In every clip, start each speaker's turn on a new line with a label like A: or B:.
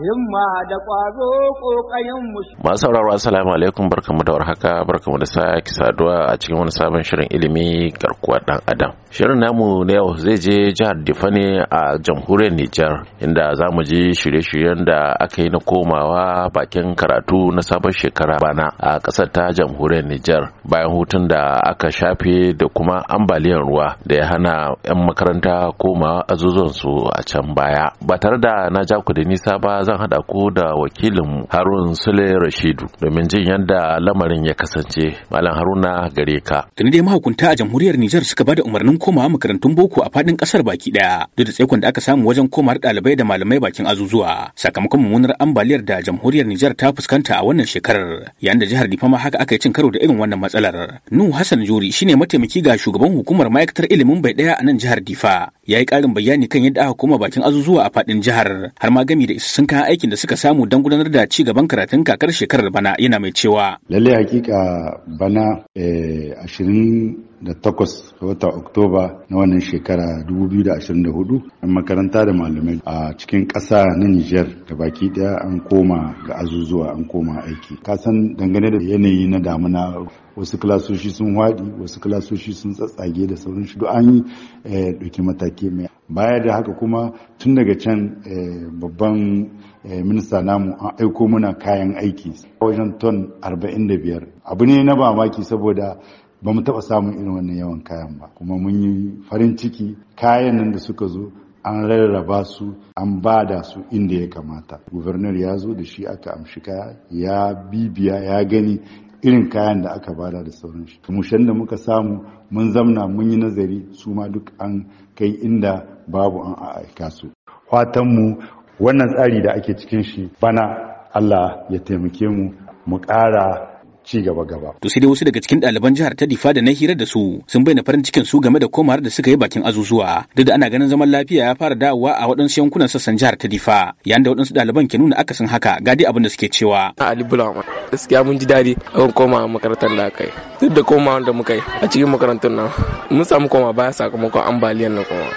A: himma da ƙwazo ƙoƙayen musu.
B: Masu sauraro assalamu alaikum barkamu da warhaka barkamu da sake saduwa a cikin wani sabon shirin ilimi garkuwa dan adam. Shirin namu na yau zai je jihar Difane a jamhuriyar Nijar inda za mu ji shirye-shiryen da aka yi na komawa bakin karatu na sabon shekara bana a ƙasar ta jamhuriyar Nijar bayan hutun da aka shafe da kuma ambaliyar ruwa da ya hana 'yan makaranta komawa su a can baya ba tare da na ja da nisa ba zan hada ku da wakilin Harun Sule Rashidu domin jin yadda lamarin ya kasance. Malam Haruna gare ka.
A: tun dai mahukunta a jamhuriyar Nijar suka bada umarnin komawa makarantun boko a fadin kasar baki daya duk da tsaikon da aka samu wajen komawar ɗalibai da malamai bakin azuzuwa sakamakon mummunar ambaliyar da jamhuriyar Nijar ta fuskanta a wannan shekarar yayin da jihar Difa ma haka aka yi cin karo da irin wannan matsalar. Nuhu Hassan Juri shine mataimaki ga shugaban hukumar ma'aikatar ilimin bai daya a nan jihar Difa. Ya yi ƙarin bayani kan yadda aka koma bakin azuzuwa a fadin jihar har ma gami da isassun kayan aikin da suka samu don gudanar da ci gaban karatun kakar shekarar bana yana mai cewa.
C: Lallai hakika bana eh, ashirin da takwas wata oktoba na wannan shekara 2024 an makaranta da malamai a cikin ƙasa na Nijar. da baki daya an koma ga azuzuwa an koma aiki kasan dangane da yanayi na damuna wasu kilasoshi sun waɗi wasu kilasoshi sun tsatsage da sauran shi an yi eh, ɗauki mataki mai baya da haka kuma tun daga can eh, babban eh, minista namu an aiko muna kayan aiki wajen ton 45 abu ne na mamaki saboda ba mu taɓa samun irin wannan yawan kayan ba kuma mun yi farin ciki kayan nan da suka zo an rarraba su an ba da su inda ya kamata gubernur ya zo da shi aka amshi kaya ya bibiya ya gani irin kayan da aka bada da sauran shi mushen da muka samu mun zamna mun yi nazari su ma duk an kai inda babu an aika su fatanmu wannan tsari da ake cikin shi bana allah ya taimake mu mu ƙara ci gaba gaba.
A: To sai dai wasu daga cikin ɗaliban jihar ta Difa da na hira da su sun bayyana farin cikin su game da komawar da suka yi bakin azuzuwa duk da ana ganin zaman lafiya ya fara dawowa a waɗansu yankunan sassan jihar ta Difa yayin da waɗansu ɗaliban ke nuna akasin haka ga dai abin da suke cewa. Ali Bulama gaskiya mun ji daɗi akan koma makarantar da aka yi duk da koma da muka yi a cikin makarantar nan mun samu koma baya sakamakon ambaliyar na koma.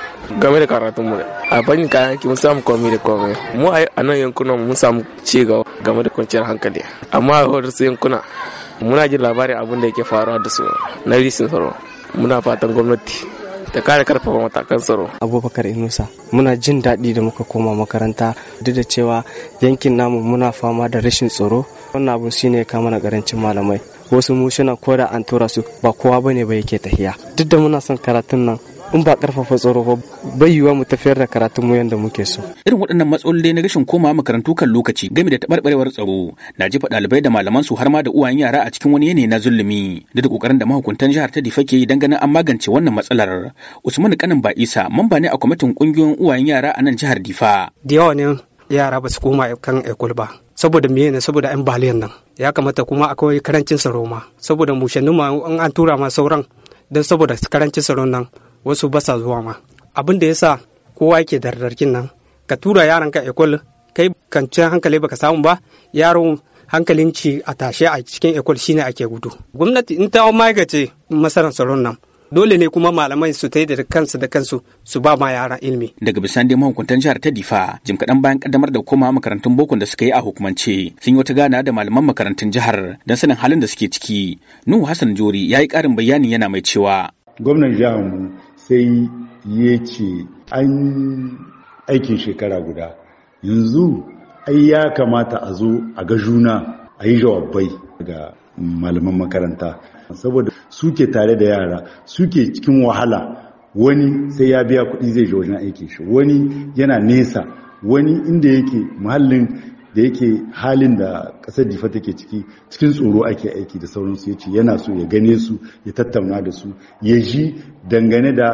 A: game da karatun mu a fannin kayan ki mun samu komai da komai mu a nan yankunan mun samu ci gaba game da kwanciyar hankali amma a wasu yankuna muna jin labarin abin da yake faruwa da su na risin tsaro muna fatan gwamnati ta kare karfafa matakan tsaro. Abubakar
D: Inusa muna jin daɗi da muka koma makaranta duk da cewa yankin namu muna fama da rashin tsaro wannan abu shine ya kama na karancin malamai wasu mu suna koda an tura su ba kowa ne ba yake tahiya duk da muna son karatun nan in ba karfafa tsaro ba bai yiwuwa mu tafiyar da karatun mu yadda muke so
A: irin waɗannan matsaloli na rashin koma makarantu kan lokaci game da taɓarɓarewar tsaro na jefa ɗalibai da malaman su har ma da uwayen yara a cikin wani yanayi na zulumi duk da kokarin da mahukuntan jihar ta difa ke dan ganin an magance wannan matsalar usman kanin ba isa mamba ne a kwamitin kungiyoyin uwayen yara a nan jihar difa da yawa ne yara ba su koma kan ekol ba saboda miye ne saboda yan baliyan nan ya kamata kuma akwai karancin tsaro ma saboda mushannu ma an tura ma sauran don saboda karancin tsaron nan wasu basa zuwa ma abin da yasa kowa yake dardarkin nan ka tura yaran ka ekol kai kancin hankali baka samu ba yaron hankalin ci a tashe a cikin ekol shine ake gudu gwamnati in ta ce masarar tsaron nan dole ne kuma malamai su ta da kansu da kansu su ba ma yaran ilimi. Daga bisan dai mahukuntan jihar ta difa jim kaɗan bayan kaddamar da koma makarantun bokon da suka yi a hukumance sun yi wata gana da malaman makarantun jihar don sanin halin da suke ciki. Nuhu Hassan Jori ya yi ƙarin bayani yana mai cewa.
C: Gwamnan jihar sai ya ce an aikin shekara guda yanzu ai ya kamata a zo a ga juna a yi jawabai ga malaman makaranta saboda suke tare da yara suke cikin wahala wani sai ya biya kuɗi zai je wajen aikin shi wani yana nesa wani inda yake muhallin da yake halin da kasar jifa take ciki cikin tsoro ake aiki da sauransu ya ce yana so ya gane su ya tattauna da su ya ji dangane da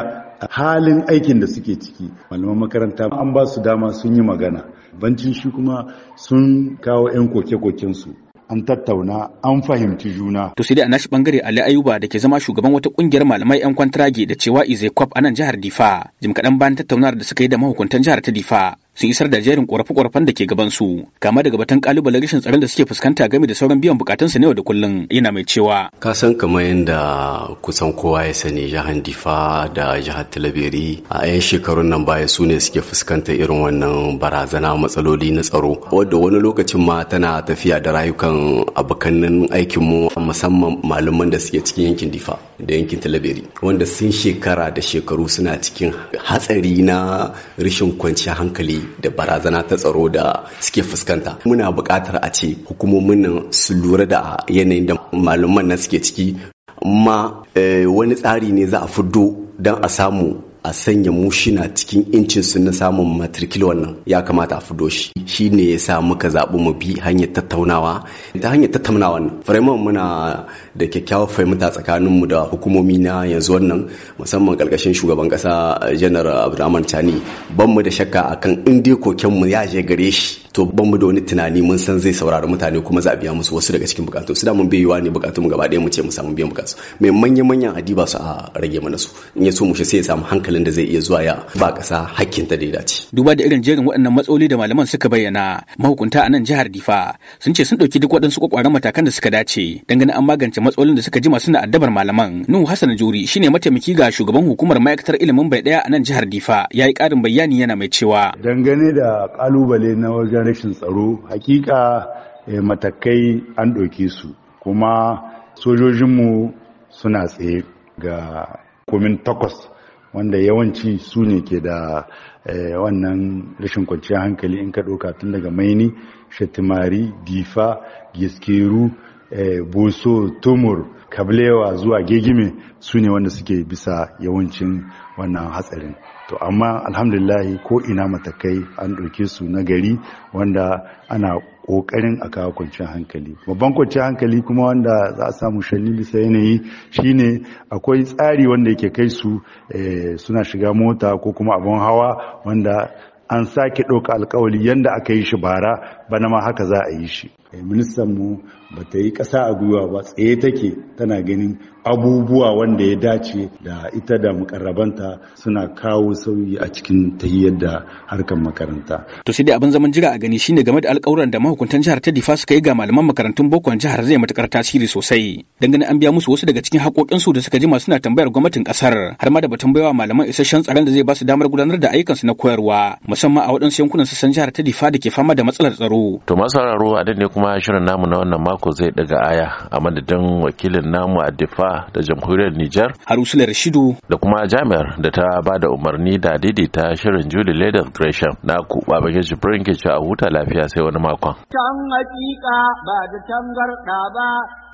C: halin aikin da suke ciki malaman makaranta an ba su dama sun yi magana bancin shi kuma sun kawo 'yan koke-kokensu an tattauna an fahimci juna.
A: To sai dai a nashi bangare Ali Ayuba da ke zama shugaban wata kungiyar malamai 'yan kwantrage da cewa Izai Kwab a nan jihar Difa. Jim kaɗan bayan tattaunawar da suka yi da mahukuntan jihar ta Difa sun isar da jerin ƙorafe-ƙorafen da ke gaban su, kama daga batun kalubalen rashin tsaron da suke fuskanta game da sauran biyan bukatun su yau da kullum yana mai cewa ka san kamar yadda kusan kowa ya sani jihar difa da jihar talabiri a 'yan shekarun nan
D: baya su ne suke fuskanta irin wannan barazana matsaloli na tsaro wadda wani lokacin ma tana tafiya da rayukan abokanin aikin mu musamman malaman da suke cikin yankin difa da yankin talabiri wanda sun shekara da shekaru suna cikin hatsari na rashin kwanciyar hankali da barazana ta tsaro da suke fuskanta muna buƙatar a ce hukumomin nan su lura da yanayin da malaman nan suke ciki ma eh, wani tsari ne za a fiddo don a samu a sanya mushina cikin incin su na samun matrikil wannan ya kamata a fido shi shi ne ya sa muka zaɓi mu bi hanyar tattaunawa ta hanyar tattaunawa wannan firaiman muna da kyakkyawar fahimta tsakanin mu da hukumomi na yanzu wannan musamman karkashin shugaban ƙasa eh, janar abdulrahman tani ban mu da shakka akan in dai koken mu ya je gare shi to ban mu da wani tunani mun san zai saurari mutane kuma za a biya musu wasu daga cikin bukatu su da mun biyuwa ne bukatu mu gaba ɗaya mu ce mu samu biyan bukatu mai manya-manyan adiba su a rage mana su in ya so mu shi sai ya samu hankali hankalin da zai iya zuwa ya ba ƙasa
A: hakkin ta da dace. Duba da irin jerin waɗannan matsaloli da malaman suka bayyana mahukunta a nan jihar Difa sun ce sun ɗauki duk waɗansu ƙwaƙwaran matakan da suka dace dangane an magance matsalolin da suka jima suna addabar malaman. Nuhu Hassan Juri shine mataimaki ga shugaban hukumar ma'aikatar ilimin bai ɗaya a nan jihar Difa ya yi ƙarin bayani yana mai cewa.
C: Dangane da ƙalubale na wajen rashin tsaro hakika eh, matakai an ɗauke su kuma sojojinmu suna tsaye ga komin takwas wanda yawanci su ne ke da eh, wannan rashin kwanciyar hankali in ka ɗauka tun daga maini shatimari difa giskeru eh, boso tumur kablewa zuwa gegime su ne wanda suke bisa yawancin wannan hatsarin to amma alhamdulillahi ko ina matakai an ɗauke su na gari wanda ana ƙoƙarin a kawo kwanciyar hankali babban kwanciyar hankali kuma wanda za a samu shanni bisa yanayi shine akwai tsari wanda yake kai su eh, suna shiga mota ko kuma abin hawa wanda an sake ɗauka alkawali yadda aka yi shi bara bana ma haka za a yi shi eh, ministan mu ba ta yi ƙasa a gwiwa ba tsaye take tana ganin abubuwa wanda ya dace da ita da mukarrabanta suna kawo sauyi a cikin yi da harkar makaranta. To
A: sai dai abin zaman jira
C: a gani shine game da alƙawuran da mahukuntan jihar ta
A: Difa suka yi ga malaman makarantun bokon jihar zai matukar tasiri sosai. Dangane an biya musu wasu daga cikin haƙoƙinsu da suka jima suna tambayar gwamnatin ƙasar har ma da batun baiwa malaman isasshen tsaron da zai ba su damar gudanar da ayyukansu na koyarwa musamman a waɗansu yankunan sassan jihar ta Difa da ke fama da matsalar tsaro.
B: To masu sauraro a ne kuma shirin namu na wannan mako mako zai daga aya a madadin wakilin namu a difa da jamhuriyar Nijar. Harusula Rashidu. Da kuma jami'ar da ta ba da umarni da daidaita shirin Julie Ladies Gresham na kuɓa bakin jibirin ke a huta lafiya sai wani makon.
A: Can hakika ba da tangarɗa ba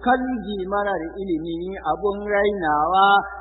A: kan marar ilimi abun rainawa